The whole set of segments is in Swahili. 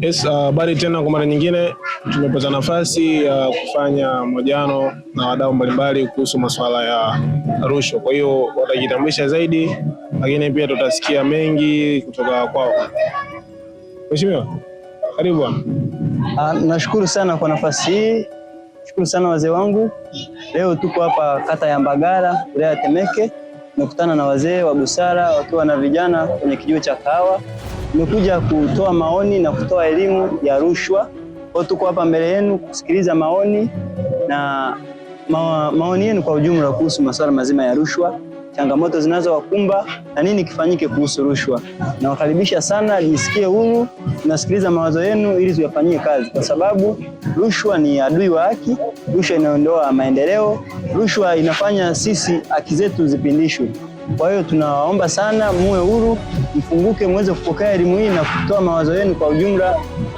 Yes, uh, habari uh, tena kwa mara nyingine tumepata nafasi ya uh, kufanya mojano na wadau mbalimbali kuhusu masuala ya rushwa. Kwa hiyo watajitambulisha zaidi, lakini pia tutasikia mengi kutoka kwao. Mheshimiwa, karibu bwana. Uh, nashukuru sana kwa nafasi hii. Shukuru sana wazee wangu. Leo tuko hapa kata ya Mbagala, wilaya ya Temeke. Tumekutana na wazee wa busara wakiwa na vijana kwenye kijiwe cha kahawa. Tumekuja kutoa maoni na kutoa elimu ya rushwa. Kwa tuko hapa mbele yenu kusikiliza maoni na ma, maoni yenu kwa ujumla kuhusu masuala mazima ya rushwa, changamoto zinazowakumba na nini kifanyike kuhusu rushwa. Nawakaribisha sana, jisikie huru, tunasikiliza mawazo yenu ili tuyafanyie kazi, kwa sababu rushwa ni adui wa haki. Rushwa inaondoa maendeleo, rushwa inafanya sisi haki zetu zipindishwe. Kwa hiyo tunawaomba sana muwe huru, mfunguke, muweze kupokea elimu hii na kutoa mawazo yenu kwa ujumla.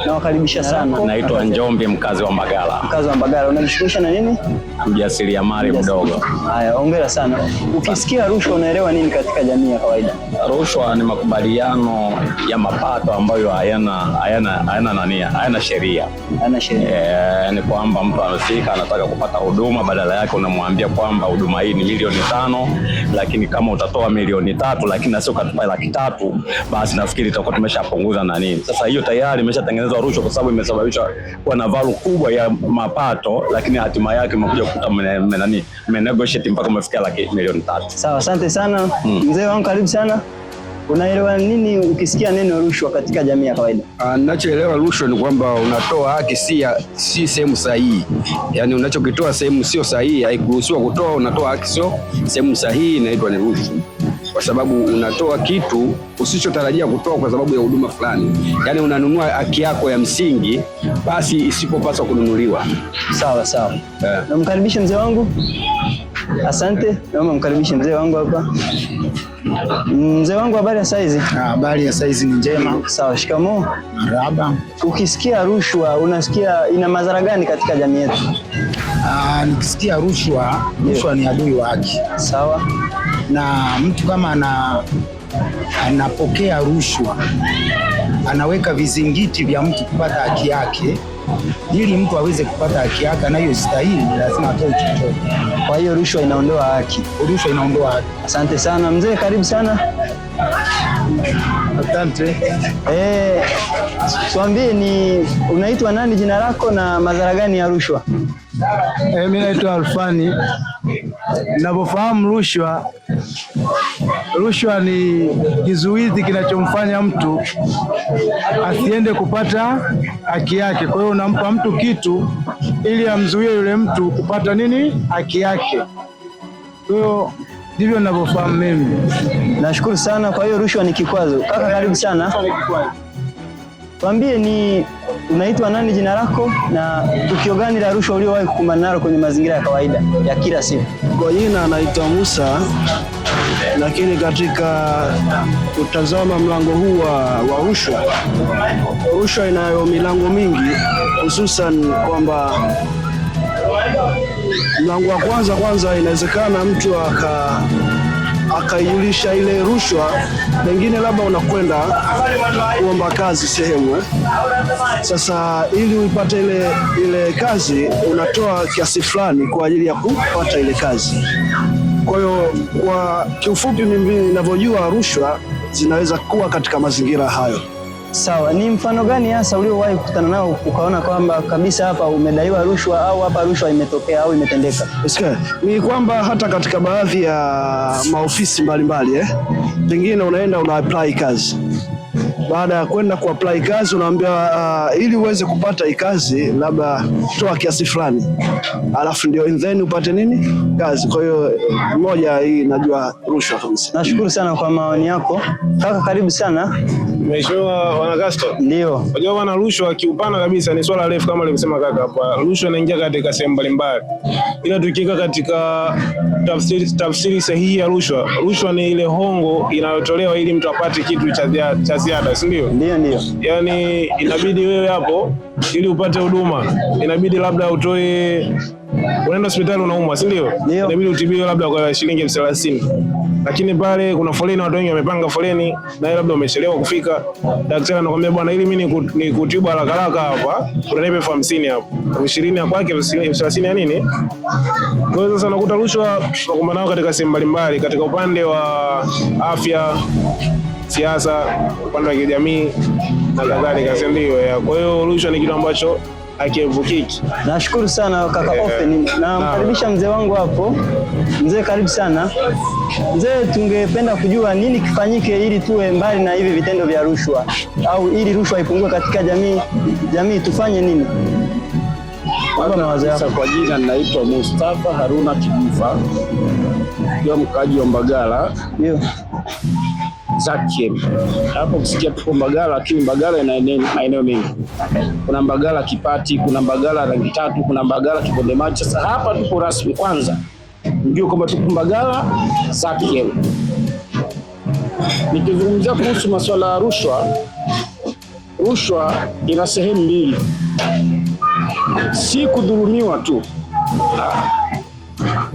Nawakaribisha sana. Naitwa Njombi, mkazi wa Mbagala. Mkazi wa Mbagala, unajishughulisha na nini? Mjasiriamali mdogo. Haya, hongera sana. Ukisikia rushwa unaelewa nini katika jamii ya kawaida? rushwa ni makubaliano ya mapato ambayo hayana hayana hayana nani hayana sheria hayana sheria. E, ni kwamba mtu anafika anataka kupata huduma, badala yake unamwambia kwamba huduma hii ni milioni tano, lakini kama utatoa milioni tatu, lakini na sio katupa laki tatu, basi nafikiri tutakuwa tumeshapunguza na nini. Sasa hiyo tayari imeshatengenezwa rushwa, kwa sababu imesababisha kuwa na valu kubwa ya mapato, lakini hatima yake umekuja kukuta nani mnegotiate mpaka umefikia laki milioni tatu. Sawa, asante sana hmm. mzee wangu, karibu sana. Unaelewa nini ukisikia neno rushwa katika jamii ya kawaida? Ah, ninachoelewa rushwa ni kwamba unatoa haki si si sehemu sahihi, yaani unachokitoa sehemu sio sahihi, haikuruhusiwa kutoa, unatoa haki sio sehemu sahihi, inaitwa ni rushwa, kwa sababu unatoa kitu usichotarajia kutoa kwa sababu ya huduma fulani, yaani unanunua haki yako ya msingi basi isipopaswa kununuliwa. Sawa sawa, yeah. Namkaribisha mzee wangu. Asante, naomba mkaribishe mzee wangu hapa. Mzee wangu, habari ya saizi? Ah, habari ya saizi ni njema. Sawa, shikamoo. Marhaba. Ukisikia rushwa unasikia ina madhara gani katika jamii yetu? Ah, nikisikia rushwa, rushwa ni adui wa haki. Sawa. Na mtu kama ana anapokea rushwa anaweka vizingiti vya mtu kupata haki yake ili mtu aweze kupata haki yake anayostahili lazima atoe chochote. Kwa hiyo rushwa inaondoa haki, rushwa inaondoa haki. Asante sana mzee, karibu sana. Asante. Eh, tuambie ni unaitwa nani, jina lako na madhara gani ya rushwa? Eh, mimi naitwa Alfani. Ninapofahamu rushwa, rushwa ni kizuizi kinachomfanya mtu asiende kupata haki yake. Kwa hiyo unampa mtu kitu ili amzuie yule mtu kupata nini, haki yake. Kwa hiyo ndivyo ninavyofahamu mimi. Nashukuru sana. Kwa hiyo rushwa ni kikwazo. Kaka, eh, karibu sana. twambie ni unaitwa nani, jina lako, na tukio gani la rushwa uliowahi kukumbana nalo kwenye mazingira ya kawaida ya kila siku? Kwa jina anaitwa Musa, lakini katika kutazama mlango huu wa rushwa rushwa inayo milango mingi, hususan kwamba mlango wa kwanza kwanza, inawezekana mtu aka akaijulisha ile rushwa, pengine labda unakwenda kuomba kazi sehemu Sasa ili upate ile, ile kazi unatoa kiasi fulani kwa ajili ya kupata ile kazi. Kwa hiyo kwa kiufupi, mimi ninavyojua rushwa zinaweza kuwa katika mazingira hayo. Sawa, ni mfano gani hasa uliowahi kukutana nao ukaona kwamba kabisa hapa umedaiwa rushwa au hapa rushwa imetokea au imetendeka? Sikia, ni kwamba hata katika baadhi ya maofisi mbalimbali mbali, eh, pengine unaenda una apply kazi baada ya kwenda kuapply kazi unaambia, uh, ili uweze kupata hii kazi labda toa kiasi fulani, alafu ndio and then upate nini kazi. Kwa hiyo moja hii najua rushwa kabisa. Nashukuru sana kwa maoni yako kaka, karibu sana. Mheshimiwa bwana Castro. Ndio. Unajua bwana, rushwa kiupana kabisa ni swala refu kama alivyosema kaka hapa. Rushwa inaingia katika sehemu mbalimbali, ila tukiweka katika tafsiri, tafsiri sahihi ya rushwa, rushwa ni ile hongo inayotolewa ili mtu apate kitu cha ziada si ndio? Ndio, ndio. Yaani inabidi wewe hapo ili upate huduma inabidi labda utoe, unaenda hospitali unaumwa, si ndio? Inabidi utibiwe labda kwa shilingi elfu thelathini lakini pale kuna foleni, watu wengi wamepanga foleni na labda umechelewa kufika, daktari anakuambia bwana, ili mimi nikutibu haraka haraka hapa unanipa elfu hamsini hapo, elfu ishirini ya kwake, elfu thelathini ya nini. Kwa hiyo sasa unakuta rushwa tunakumbana nao katika sehemu mbalimbali, katika upande wa afya siasa, upande wa kijamii na kadhalika, si ndio? Kwa hiyo rushwa ni kitu ambacho akievukiki Nashukuru sana kaka eh, Open, namkaribisha mzee wangu hapo. Mzee karibu sana mzee, tungependa kujua nini kifanyike ili tuwe mbali na hivi vitendo vya rushwa, au ili rushwa ipungue katika jamii. Jamii tufanye nini? Kwa jina ninaitwa Mustafa Haruna Kijufa, ndio mkaji wa Mbagala. Sakye. Hapo ukisikia tuko Mbagala, lakini Mbagala ina maeneo mengi. Kuna Mbagala Kipati, kuna Mbagala rangi tatu, kuna Mbagala Kibonde Machi. Sasa hapa tuko rasmi, kwanza mjue kwamba tuko Mbagala Sakye. Nikizungumzia kuhusu masuala ya rushwa, rushwa ina sehemu mbili, si kudhulumiwa tu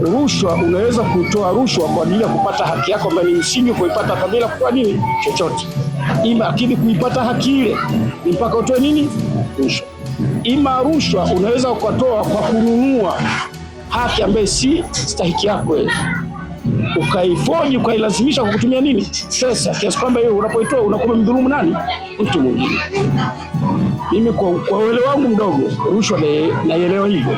rushwa, unaweza kutoa rushwa kwa ajili ya kupata haki yako ambayo ni msingi kuipata kabila kwa nini chochote, ima akili kuipata haki ile ni mpaka utoe nini rushwa. Ima rushwa unaweza ukatoa kwa kununua haki ambayo si stahiki yako ukaifoji ukailazimisha kwa kutumia nini pesa, kiasi kwamba unapoitoa unakuwa mdhulumu nani? Mtu mwingine mimi kwa, kwa uele wangu mdogo rushwa naielewa hivyo,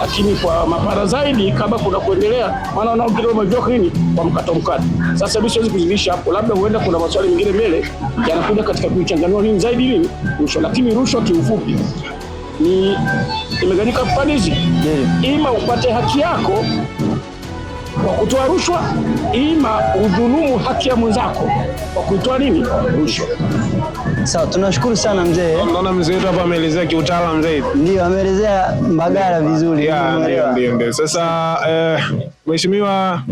lakini kwa mapara zaidi, kama kuna kuendelea, maana wanao kidogo hini kwa mkato mkato. Sasa mimi siwezi kuzidisha hapo, labda huenda kuna maswali mengine mbele yanakuja katika kuichanganua nini zaidi nini rushwa, lakini rushwa kiufupi ni imeganyika pande hizi, hmm. ima upate haki yako kwa kutoa rushwa, ima udhulumu haki ya mwenzako kwa kuitoa nini rushwa. Sawa, tunashukuru sana mzee. Naona mzee wetu hapa ameelezea kiutaalamu zaidi. Ndio, ameelezea magara vizuri. Ndio, ndio. ndio. Sasa eh, mheshimiwa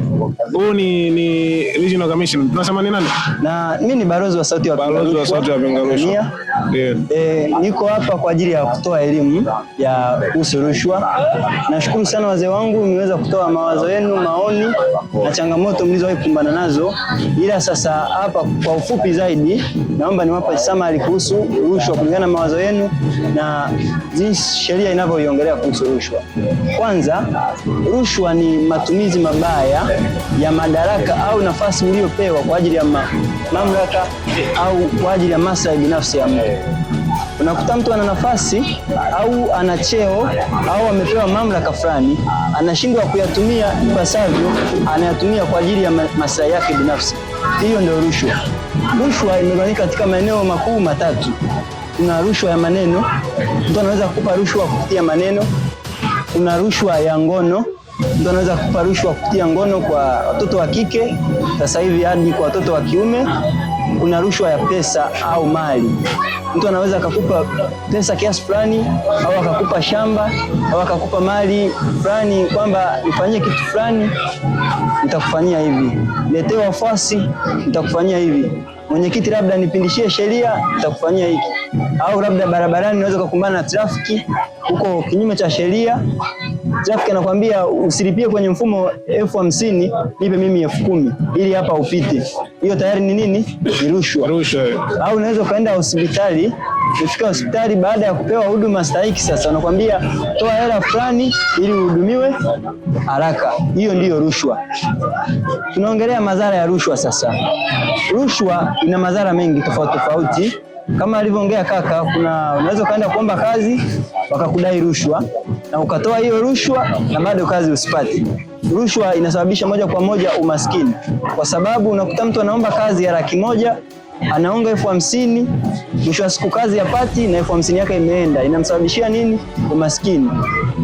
huu ni ni regional commission. Tunasema ni nani? Na mimi ni balozi wa sauti ya Balozi wa sauti ya Bengalusha yeah. E, niko hapa kwa ajili ya kutoa elimu ya kuhusu rushwa. Nashukuru sana wazee wangu, mmeweza kutoa mawazo yenu, maoni na changamoto mlizowahi kukumbana nazo, ila sasa hapa kwa ufupi zaidi, naomba niwapa samari kuhusu rushwa kulingana na mawazo yenu na jinsi sheria inavyoiongelea kuhusu rushwa. Kwanza, rushwa ni matumizi mabaya ya madaraka au nafasi uliyopewa kwa ajili ya mamlaka au kwa ajili ya maslahi binafsi ya mtu. Unakuta mtu ana nafasi au ana cheo au amepewa mamlaka fulani, anashindwa kuyatumia ipasavyo, anayatumia kwa ajili ya maslahi yake binafsi. Hiyo ndio rushwa. Rushwa imegawanyika katika maeneo makuu matatu. Kuna rushwa ya maneno, mtu anaweza kukupa rushwa kupitia maneno. Kuna rushwa ya ngono, mtu anaweza kupa rushwa kupitia ngono kwa watoto wa kike, sasa hivi hadi kwa watoto wa kiume kuna rushwa ya pesa au mali. Mtu anaweza akakupa pesa kiasi fulani, au akakupa shamba, au akakupa mali fulani, kwamba nifanyie kitu fulani, nitakufanyia hivi, letee wafuasi, nitakufanyia hivi, mwenyekiti, labda nipindishie sheria, nitakufanyia hiki, au labda barabarani, unaweza kukumbana na trafiki huko kinyume cha sheria traffic anakwambia usilipie kwenye mfumo elfu hamsini nipe mimi elfu kumi ili hapa upite. Hiyo tayari ni nini? Ni rushwa. Rushwa. Eh. Au unaweza ukaenda hospitali, ukifika hospitali baada ya kupewa huduma stahiki, sasa anakwambia toa hela fulani ili uhudumiwe haraka. Hiyo ndiyo rushwa. Tunaongelea madhara ya rushwa sasa. Rushwa ina madhara mengi tofauti tofauti kama alivyoongea kaka, kuna unaweza ukaenda kuomba kazi wakakudai rushwa na ukatoa hiyo rushwa na bado kazi usipati. Rushwa inasababisha moja kwa moja umaskini, kwa sababu unakuta mtu anaomba kazi ya laki moja anaonga elfu hamsini mwisho wa siku kazi yapati na elfu hamsini yake imeenda, inamsababishia nini? Umaskini.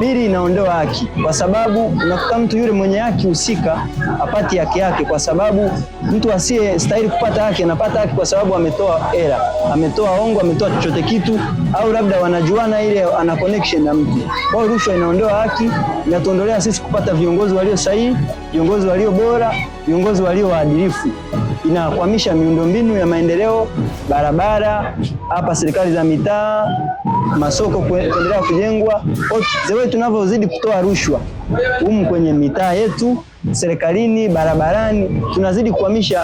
Pili, inaondoa haki, kwa sababu unakuta mtu yule mwenye haki husika apati haki yake, kwa sababu mtu asiye stahili kupata haki anapata haki kwa sababu ametoa era, ametoa ongo, ametoa chochote kitu, au labda wanajuana, ile ana connection na mtu. Kwa rushwa inaondoa haki, inatuondolea sisi kupata viongozi walio sahihi, viongozi walio bora, viongozi walio waadilifu inakwamisha miundombinu ya maendeleo, barabara hapa, serikali za mitaa, masoko kuendelea kujengwa. Zewe tunavyozidi kutoa rushwa humu kwenye mitaa yetu, serikalini, barabarani, tunazidi kuhamisha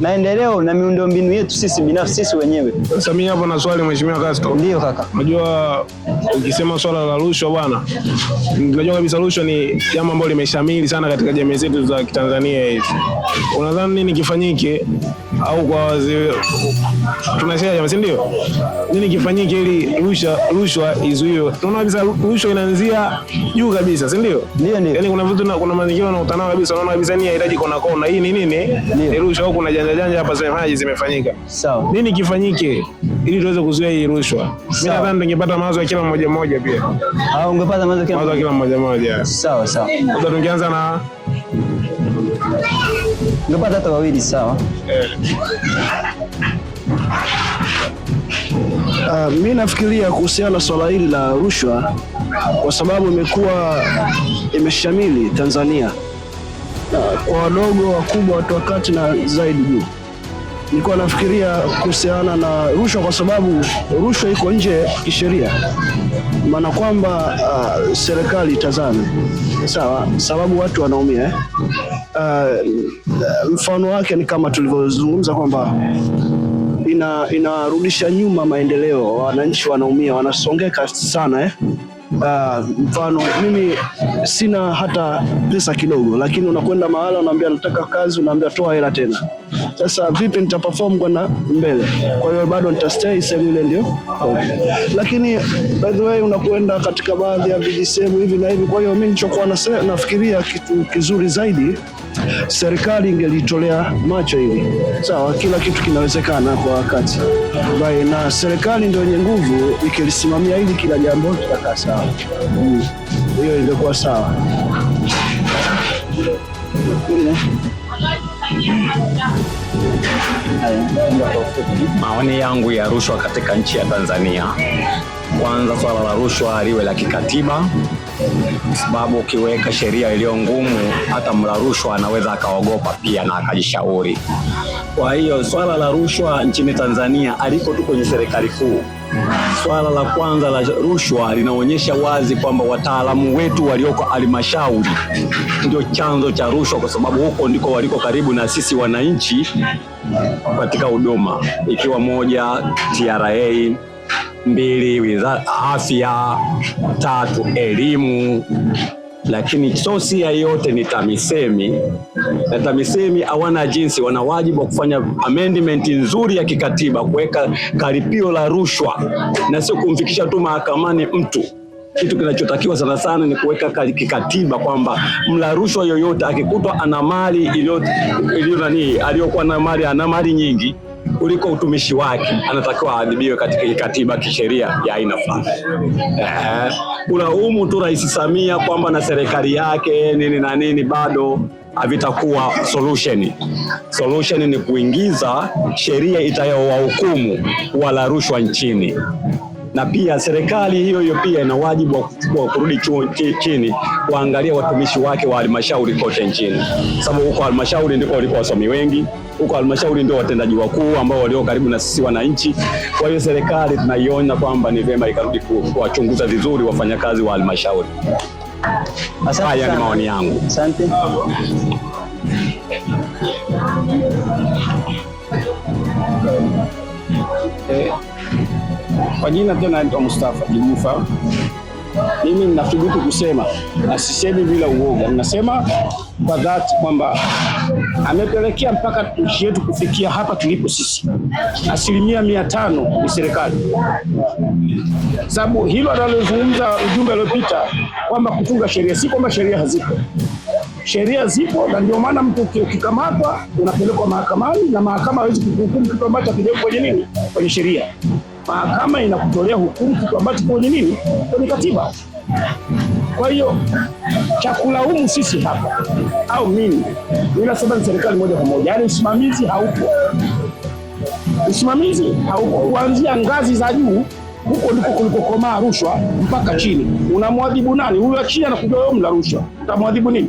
maendeleo na miundombinu yetu sisi binafsi sisi wenyewe. Sasa mimi hapo na swali Mheshimiwa Castro. Ndio kaka. Unajua ukisema swala la rushwa bwana, unajua kabisa rushwa ni jambo ambalo limeshamili sana katika jamii zetu za Kitanzania hizi. Unadhani nini kifanyike au kwa wazee tunasema, si ndio? Nini kifanyike ili rushwa rushwa izuiwe? Tunaona kabisa rushwa inaanzia juu kabisa, si ndio? Ndio ndio. Yaani kuna vitu kuna mazingira na utanao kabisa, unaona kabisa ni haitaji kona kona. Hii ni nini? Ni rushwa au kuna janja janja hapa za maji zimefanyika. Sawa. Nini kifanyike ili tuweze kuzuia hii rushwa? Mimi nadhani tungepata mawazo ya kila mmoja mmoja pia. Au ah, ungepata mawazo kila mmoja kila mmoja mmoja. Sawa sawa. Sasa tungeanza na ungepata hata wawili sawa. Eh. Uh, mi nafikiria kuhusiana na swala hili la rushwa kwa sababu imekuwa imeshamili Tanzania kwa wadogo, wakubwa, watu wa kati na zaidi juu. Nilikuwa nafikiria kuhusiana na rushwa, kwa sababu rushwa iko nje kisheria, maana kwamba uh, serikali itazame sawa, sababu watu wanaumia eh? Uh, mfano wake ni kama tulivyozungumza kwamba ina inarudisha nyuma maendeleo, wananchi wanaumia, wanasongeka sana eh? Uh, mfano mimi sina hata pesa kidogo, lakini unakwenda mahala unaambia nataka kazi, unaambia toa hela tena. Sasa vipi nitaperform kwenda mbele? Kwa hiyo bado nitastay sehemu ile, ndio lakini by the way unakwenda katika baadhi ya vijisehemu hivi na hivi. Kwa hiyo mimi nilichokuwa nafikiria kitu kizuri zaidi serikali ingelitolea macho hili. Sawa, kila kitu kinawezekana kwa wakati bai, na serikali ndio yenye nguvu, ikilisimamia hili kila jambo litakaa sawa. Mm, hiyo mm, ingekuwa sawa. Maoni yangu ya rushwa katika nchi ya Tanzania, kwanza swala la rushwa liwe la kikatiba kwa sababu ukiweka sheria iliyo ngumu, hata mla rushwa anaweza akaogopa pia na akajishauri. Kwa hiyo swala la rushwa nchini Tanzania aliko tu kwenye serikali kuu. Swala la kwanza la rushwa linaonyesha wazi kwamba wataalamu wetu walioko halmashauri ndio chanzo cha rushwa, kwa sababu huko ndiko waliko karibu na sisi wananchi katika huduma, ikiwa moja TRA mbili wizara afya, tatu elimu, lakini sosi ya yote ni TAMISEMI na TAMISEMI hawana jinsi, wana wajibu wa kufanya amendment nzuri ya kikatiba, kuweka karipio la rushwa na sio kumfikisha tu mahakamani mtu. Kitu kinachotakiwa sana sana ni kuweka kikatiba kwamba mla rushwa yoyote akikutwa ana mali iliyo nani aliyokuwa na mali ana mali nyingi kuliko utumishi wake, anatakiwa aadhibiwe katika katiba kisheria ya aina fulani. kulaumu tu Rais Samia kwamba na serikali yake nini na nini bado havitakuwa solution. Solution ni kuingiza sheria itayowahukumu wala rushwa nchini na pia serikali hiyo hiyo pia ina wajibu wa kurudi chini kuangalia watumishi wake wa halmashauri kote nchini, sababu huko halmashauri ndiko waliko wasomi wengi, huko halmashauri ndio watendaji wakuu ambao walio karibu na sisi wananchi. Kwa hiyo serikali tunaiona kwamba ni vyema ikarudi kuwachunguza vizuri wafanyakazi wa halmashauri. Haya ni maoni yangu, asante. Eh. Kwa jina tena naitwa Mustafa Jumufa. Mimi ninathubutu kusema na sisemi bila uoga, ninasema kwa dhati kwamba amepelekea mpaka nchi yetu kufikia hapa tulipo sisi, asilimia mia tano ni serikali. Sababu hilo analozungumza ujumbe aliopita kwamba kutunga sheria, si kwamba sheria hazipo sheria zipo, na ndio maana mtu ukikamatwa unapelekwa mahakamani na mahakama hawezi kukuhukumu kitu ambacho hakijapo kwenye nini, kwenye sheria mahakama inakutolea hukumu kitu ambacho kwenye nini, kwenye katiba. Kwa hiyo cha kulaumu sisi hapa au mimi ninasema ni serikali moja kwa moja, yaani usimamizi haupo, usimamizi haupo kuanzia ngazi za juu huko ndiko kulikokomaa rushwa mpaka chini. Unamwadhibu nani? Huyu achini anakuja wewe mla rushwa, utamwadhibu nini?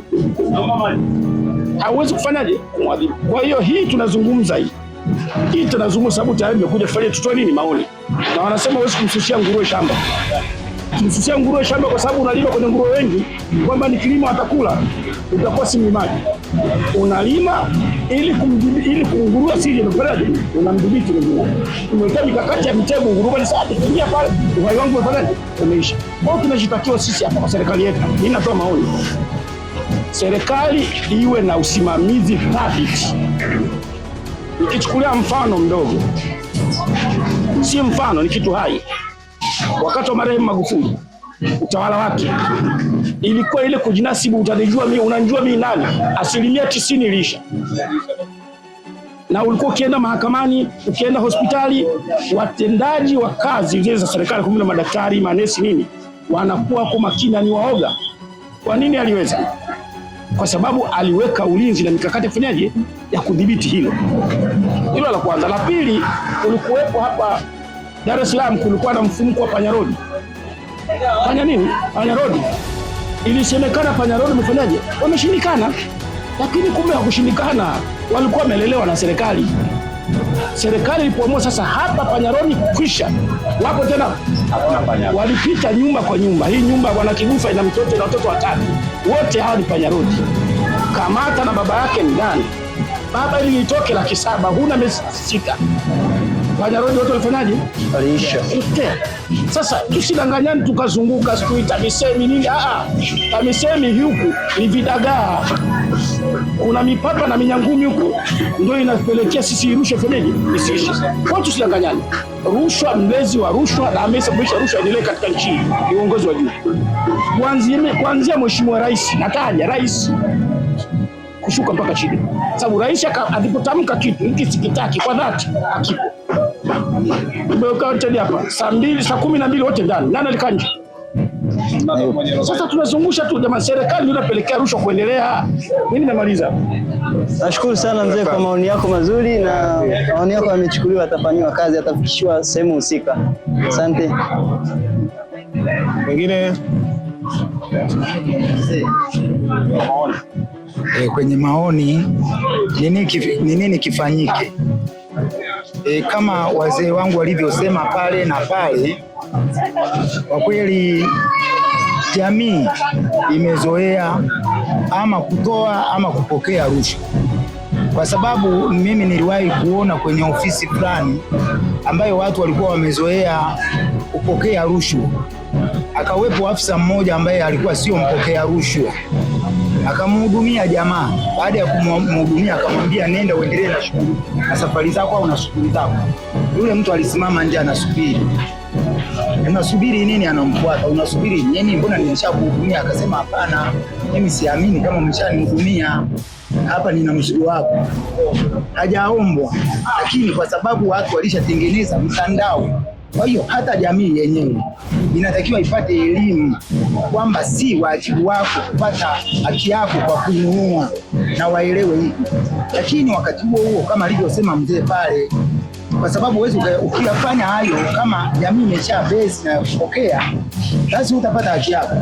Hauwezi kufanyaje kumwadhibu. Kwa hiyo hii tunazungumza hii hii tunazungumza sababu tayari imekuja kufanya tutoe nini maoni na wanasema huwezi kumsusia nguruwe shamba. Kumsusia nguruwe shamba kwa sababu unalima kwenye nguruwe wengi, kwamba ni kilimo atakula, utakuwa si mlimaji. Unalima ili kumdhibiti, ili kunguruwe sije nafaraji, unamdhibiti nguruwe. Tumeweka mikakati ya mitego, nguruwe ni sasa tukiingia pale, uhai wangu umefanya umeisha. Kwa hiyo tunachotakiwa sisi hapa kwa serikali yetu, mimi natoa maoni serikali iwe na usimamizi thabiti. Nikichukulia mfano mdogo si mfano, ni kitu hai. Wakati wa marehemu Magufuli utawala wake ilikuwa ile kujinasibu, utanijua mimi, unanijua mimi nani, asilimia tisini iliisha na ulikuwa ukienda mahakamani, ukienda hospitali, watendaji wa kazi zile za serikali na madaktari, manesi, nini, wanakuwa kwa makini, ni waoga. Kwa nini aliweza kwa sababu aliweka ulinzi na mikakati afanyaje ya kudhibiti hilo. Hilo la kwanza. La pili, kulikuwepo hapa Dar es Salaam kulikuwa na mfumko wa panyarodi. Panya nini? Panyarodi. Ilisemekana panyarodi umefanyaje? Wameshindikana, lakini kumbe hakushindikana, walikuwa wamelelewa na serikali. Serikali ilipoamua sasa hapa panyarodi kwisha, wapo tena, hakuna panyarodi. Walipita nyumba kwa nyumba, hii nyumba bwana Kigufa ina mtoto na watoto watatu wote hadi panyarudi. Kamata na baba yake ni nani? Baba ili itoke laki saba, huna miezi sita. Panyarodi watu walifanyaje? Waliisha. Sasa tusidanganyani tukazunguka sikuita TAMISEMI nini. Ah, TAMISEMI huku ni vidagaa kuna mipaka na minyangumi huko, ndio inapelekea sisi rushwa ifenyeji isiishi. Kwa tusidanganyane, rushwa, mlezi wa rushwa na amesababisha rushwa endelee katika nchi ni uongozi wa juu, kuanzia mheshimiwa rais, nataja rais kushuka mpaka chini, sababu rais alipotamka kitu hiki sikitaki kwa dhati, akipo tumeweka hapa saa mbili saa kumi na mbili wote ndani, nani alikaa nje? Sasa tunazungusha tu jamani, serikali ndio inapelekea rushwa kuendelea. Mimi namaliza. Nashukuru sana mzee kwa maoni yako mazuri, na maoni yako yamechukuliwa, atafanyiwa kazi, atafikishwa sehemu husika. Asante. Wengine E, kwenye maoni ni nini kifanyike? E, kama wazee wangu walivyosema pale na pale, kwa kweli jamii imezoea ama kutoa ama kupokea rushwa, kwa sababu mimi niliwahi kuona kwenye ofisi fulani ambayo watu walikuwa wamezoea kupokea rushwa, akawepo afisa mmoja ambaye alikuwa sio mpokea rushwa akamhudumia jamaa. Baada ya kumhudumia, akamwambia nenda uendelee na shughuli na safari zako au na shughuli zako. Yule mtu alisimama nje anasubiri unasubiri nini? Anamfuata, unasubiri nini? Mbona nimeshakuhudumia? Akasema hapana, mimi siamini kama umeshanihudumia hapa nina mzigo wako. Hajaombwa, lakini kwa sababu watu walishatengeneza mtandao. Kwa hiyo hata jamii yenyewe inatakiwa ipate elimu kwamba si wajibu wako kupata haki yako kwa kununua na waelewe hivi. Lakini wakati huo huo, kama alivyosema mzee pale kwa sababu huwezi ukiyafanya hayo kama jamii imesha base na kupokea, basi utapata haki yako.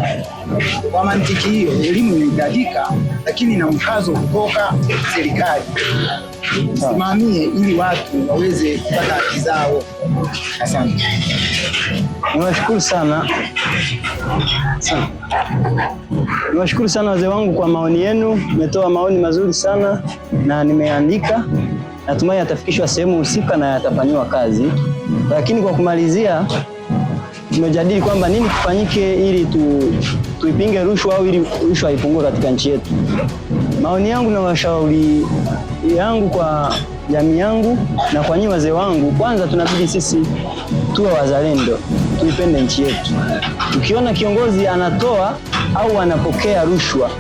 Kwa mantiki hiyo, elimu inahitajika, lakini na mkazo kutoka serikali simamie ili watu waweze kupata haki zao. Asante, niwashukuru sana, niwashukuru sana wazee wangu kwa maoni yenu. Mmetoa maoni mazuri sana na nimeandika natumai atafikishwa sehemu husika na yatafanyiwa kazi. Lakini kwa kumalizia, tumejadili kwamba nini kifanyike ili tu, tuipinge rushwa au ili rushwa ipungue katika nchi yetu. Maoni yangu na washauri yangu kwa jamii yangu na kwa nyinyi wazee wangu, kwanza tunabidi sisi tuwe wazalendo, tuipende nchi yetu. Tukiona kiongozi anatoa au anapokea rushwa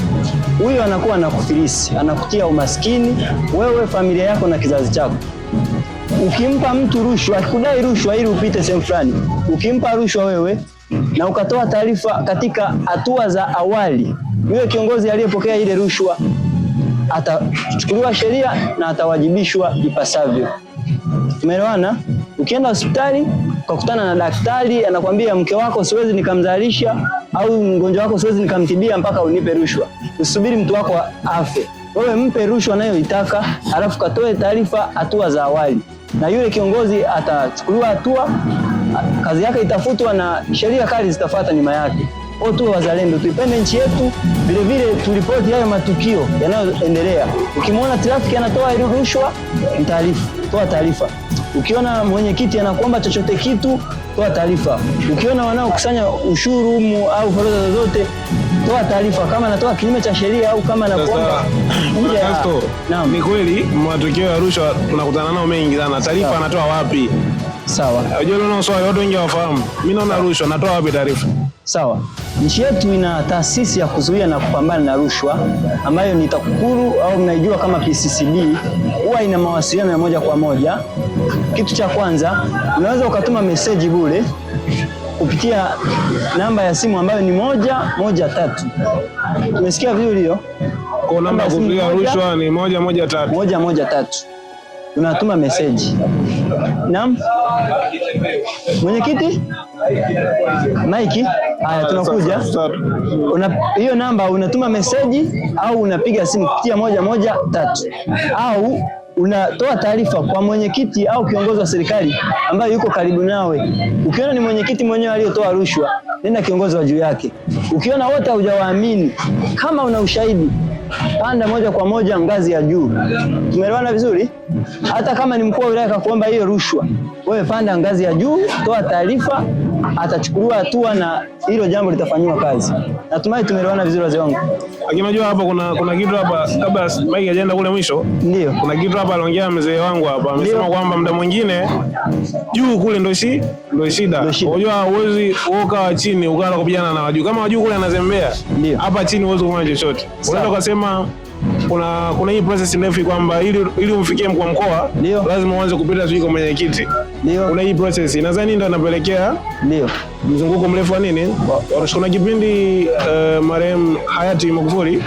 huyo anakuwa anakufilisi, anakutia umaskini wewe, familia yako na kizazi chako. Ukimpa mtu rushwa, akikudai rushwa ili upite sehemu fulani, ukimpa rushwa wewe na ukatoa taarifa katika hatua za awali, yule kiongozi aliyepokea ile rushwa atachukuliwa sheria na atawajibishwa ipasavyo. Tumeelewana? Ukienda hospitali ukakutana na daktari anakwambia mke wako siwezi nikamzalisha, au mgonjwa wako siwezi nikamtibia mpaka unipe rushwa, usubiri mtu wako afe, wewe mpe rushwa anayoitaka, alafu katoe taarifa hatua za awali, na yule kiongozi atachukuliwa hatua, kazi yake itafutwa na sheria kali zitafuata nyuma yake. O, tuwe wazalendo, tuipende nchi yetu, vilevile tulipoti hayo matukio yanayoendelea. Ukimwona trafiki anatoa rushwa, mtaarifu, toa taarifa. Ukiona mwenyekiti anakuomba chochote kitu, toa taarifa. Ukiona wanaokusanya ushuru au forodha zozote, anatoa taarifa kama anatoa kinyume cha sheria au kama anakwenda nje ya. Naam, ni kweli matukio ya rushwa tunakutana nao mengi sana. Taarifa anatoa wapi? Sawa. Unajua leo swali watu wengi hawafahamu. Mimi naona rushwa anatoa wapi taarifa? Sawa. Nchi yetu ina taasisi ya kuzuia na kupambana na rushwa ambayo ni TAKUKURU au mnaijua kama PCCB. Huwa ina mawasiliano ya moja kwa moja. Kitu cha kwanza, unaweza ukatuma meseji bure kupitia namba ya simu ambayo ni moja moja tatu. Umesikia vizuri hiyo? Kwa namba ya kupiga rushwa ni moja moja tatu. Moja moja tatu. Unatuma meseji. Naam. Mwenyekiti? Maiki? Haya, tunakuja. Hiyo namba unatuma meseji au unapiga simu kupitia moja moja tatu au unatoa taarifa kwa mwenyekiti au kiongozi wa serikali ambaye yuko karibu nawe. Ukiona ni mwenyekiti mwenyewe aliyotoa rushwa, nenda kiongozi wa juu yake. Ukiona wote hujawaamini, kama una ushahidi, panda moja kwa moja ngazi ya juu. Tumeelewana vizuri? Hata kama ni mkuu wa wilaya kakuomba hiyo rushwa, wewe panda ngazi ya juu, toa taarifa atachukuliwa hatua na hilo jambo litafanyiwa kazi. Natumai tumeelewana vizuri wazee wangu. Lakini hapa kuna kuna kitu hapa kabla Mike hajaenda kule mwisho. Ndio. Kuna kitu hapa aliongea mzee wangu hapa. Amesema kwamba muda mwingine juu kule ndio shi ndio shida. Unajua uwezi uoka chini ukala kupigana na wajuu. Kama wajuu kule anazembea hapa chini uwezi kufanya chochote. Unaweza kusema kuna kuna hii process ndefu kwamba ili ili umfikie mkuu wa mkoa lazima uanze kupita sijui kwa mwenyekiti. Kuna hii process nadhani ndio inapelekea ndio mzunguko mrefu wa nini. Kuna kipindi uh, marehemu hayati Magufuli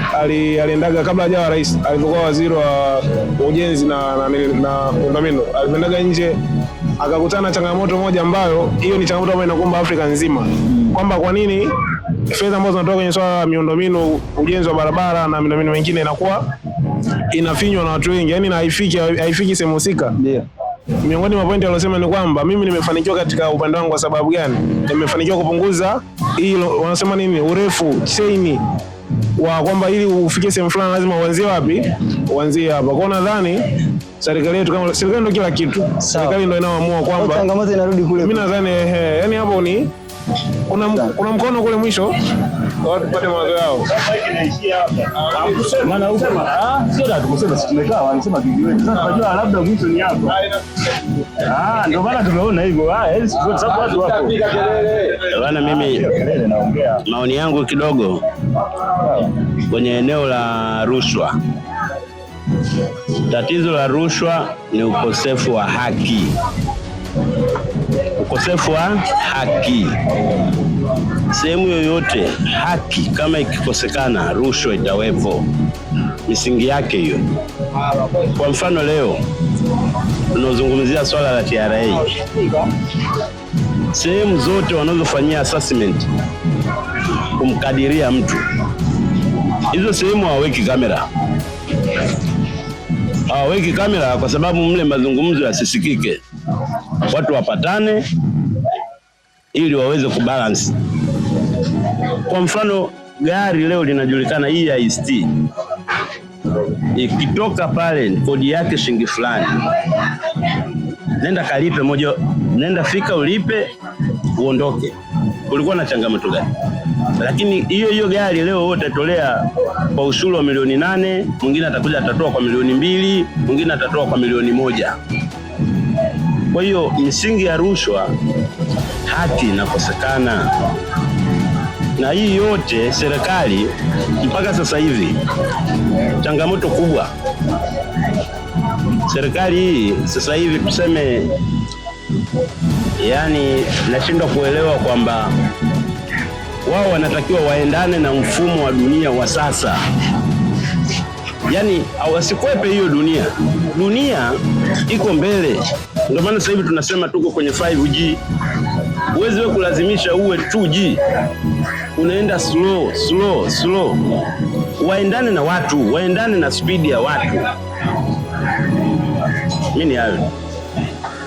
aliendaga kabla hajawa rais, alipokuwa waziri wa ujenzi na na miundombinu, aliendaga nje akakutana changamoto moja ambayo hiyo ni changamoto ambayo inakumba Afrika nzima kwamba kwa nini fedha ambazo zinatoka kwenye swala la miundombinu, ujenzi wa barabara na miundombinu mingine inakuwa inafinywa na watu wengi, yani na haifiki haifiki sehemu husika. Ndio miongoni mwa pointi aliyosema ni kwamba mimi nimefanikiwa katika upande wangu. Kwa sababu gani? Nimefanikiwa kupunguza hii wanasema nini, urefu chaini wa kwamba ili ufike sehemu fulani lazima uanzie wapi? Uanzie hapa. Kwa nadhani serikali yetu kama serikali ndio kila kitu, serikali ndio inaamua kwamba changamoto inarudi kule. Mimi nadhani eh, eh yani hapo ni kuna, kuna mkono kule mwisho watu pate mawazo yao. Maana huko ah? sio si tumekaa wanasema Sasa ah. labda mwisho ni hapo. Ah, ah ndio tumeona hivyo. Ah, yaani kwa sababu watu Bana, mimi maoni yangu kidogo kwenye eneo la rushwa. Tatizo la rushwa ni ukosefu wa haki ukosefu wa haki sehemu yoyote. Haki kama ikikosekana, rushwa itawepo, misingi yake hiyo. Kwa mfano leo tunazungumzia swala la TRA, sehemu zote wanazofanyia assessment kumkadiria mtu, hizo sehemu hawaweki kamera hawaweki ah, kamera kwa sababu mle mazungumzo yasisikike, watu wapatane ili waweze kubalance. Kwa mfano gari leo linajulikana hii e ya ikitoka pale kodi yake shilingi fulani, nenda kalipe moja, nenda fika ulipe uondoke, kulikuwa na changamoto gani? Lakini hiyo hiyo gari leo wote tatolea kwa ushuru wa milioni nane, mwingine atakuja atatoa kwa milioni mbili, mwingine atatoa kwa milioni moja. Kwa hiyo misingi ya rushwa, haki inakosekana na hii yote serikali mpaka sasa hivi, changamoto kubwa serikali hii sasa hivi tuseme yani nashindwa kuelewa kwamba wao wanatakiwa waendane na mfumo wa dunia wa sasa, yani wasikwepe hiyo dunia. Dunia iko mbele, ndio maana sasa hivi tunasema tuko kwenye 5G. Huwezi wewe kulazimisha uwe 2G, unaenda slow slow slow. Waendane na watu, waendane na spidi ya watu. Mimi ni hayo.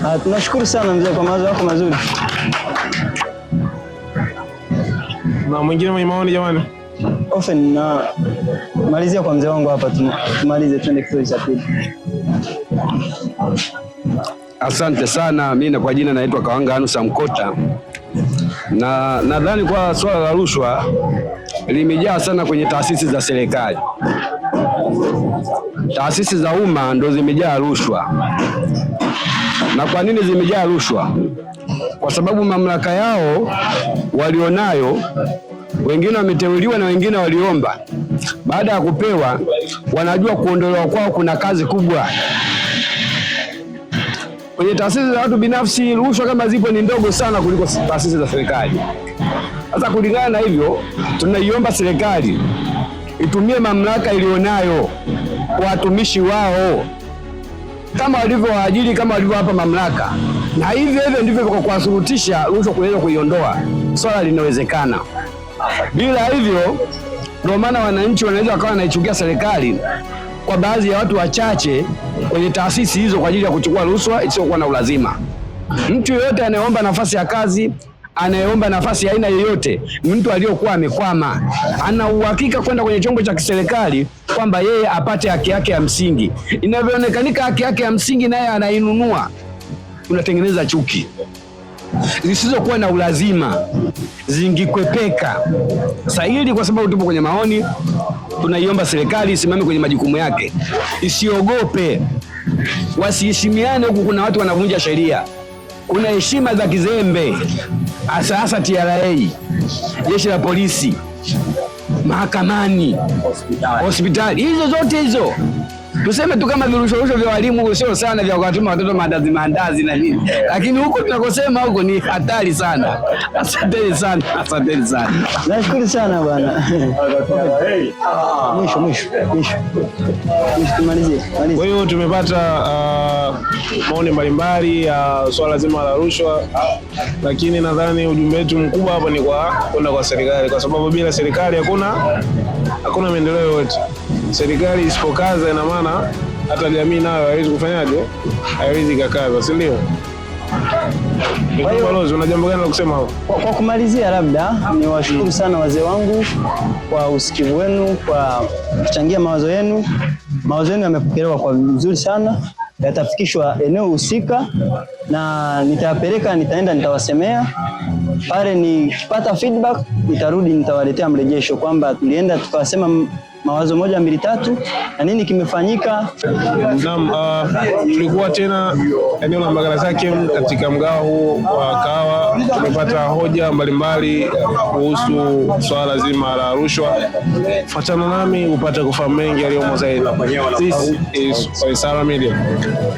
Ah, tunashukuru sana mzee kwa mawazo yako mazuri. Na mwingine mwenye maoni jamani? Ofen na malizia kwa mzee wangu hapa, tumalize twende kituo cha pili. Asante sana. Mimi kwa jina naitwa Kawanga Anusa Mkota, na nadhani kwa swala la rushwa limejaa sana kwenye taasisi za serikali. Taasisi za umma ndo zimejaa rushwa, na kwa nini zimejaa rushwa? Kwa sababu mamlaka yao walionayo wengine wameteuliwa na wengine waliomba. Baada ya kupewa, wanajua kuondolewa kwao kuna kazi kubwa. Kwenye taasisi za watu binafsi, rushwa kama zipo ni ndogo sana kuliko taasisi za serikali. Sasa kulingana na hivyo, tunaiomba serikali itumie mamlaka iliyonayo kwa watumishi wao kama walivyowaajiri kama walivyowapa mamlaka, na hivyo hivyo ndivyo kwa kuwashurutisha rushwa kuweza kuiondoa, swala linawezekana. Bila hivyo, ndio maana wananchi wanaweza wakawa wanaichukia serikali kwa baadhi ya watu wachache kwenye taasisi hizo kwa ajili ya kuchukua rushwa isiyokuwa na ulazima. Mtu yeyote anayeomba nafasi ya kazi anayeomba nafasi aina yoyote mtu aliyokuwa amekwama, ana uhakika kwenda kwenye chombo cha kiserikali kwamba yeye apate haki yake ya msingi. Inavyoonekanika haki yake ya msingi naye anainunua, unatengeneza chuki zisizokuwa na ulazima, zingikwepeka sahili, kwa sababu tupo kwenye maoni. Tunaiomba serikali isimame kwenye majukumu yake, isiogope, wasiheshimiane. Huku kuna watu wanavunja sheria, kuna heshima za kizembe asasa TRA, jeshi la polisi, mahakamani, hospitali, hizo zote hizo tuseme tu kama virusharusho vya walimu sio sana, vya kuwatuma watoto mandazi mandazi na nini, lakini huko tunakosema huko ni hatari sana. Asanteni sana, asanteni sana, nashukuru sana bwana. Mwisho mwisho mwisho tumalizie. Kwa hiyo tumepata uh, maoni mbalimbali ya uh, swala zima la rushwa, lakini nadhani ujumbe wetu mkubwa hapa ni kwa kwenda kwa serikali, kwa sababu bila serikali hakuna hakuna maendeleo yoyote serikali isipokaza, ina maana hata jamii nayo haiwezi kufanyaje, haiwezi ikakaza, si ndio? Balozi, una jambo gani la kusema hapo? Kwa, kwa kumalizia labda ni washukuru sana wazee wangu kwa usikivu wenu, kwa kuchangia mawazo yenu. Mawazo yenu yamepokelewa kwa vizuri sana, yatafikishwa eneo husika na nitayapeleka, nitaenda nitawasemea pale, nikipata feedback nitarudi nitawaletea mrejesho kwamba tulienda tukawasema mawazo moja mbili tatu na nini kimefanyika. Naam, uh, tulikuwa tena eneo la zake katika mgawa huu wa kahawa. Tumepata hoja mbalimbali kuhusu swala zima la rushwa. Fuatana nami upate kufahamu mengi yaliyomo zaidi. This is Faisal Media.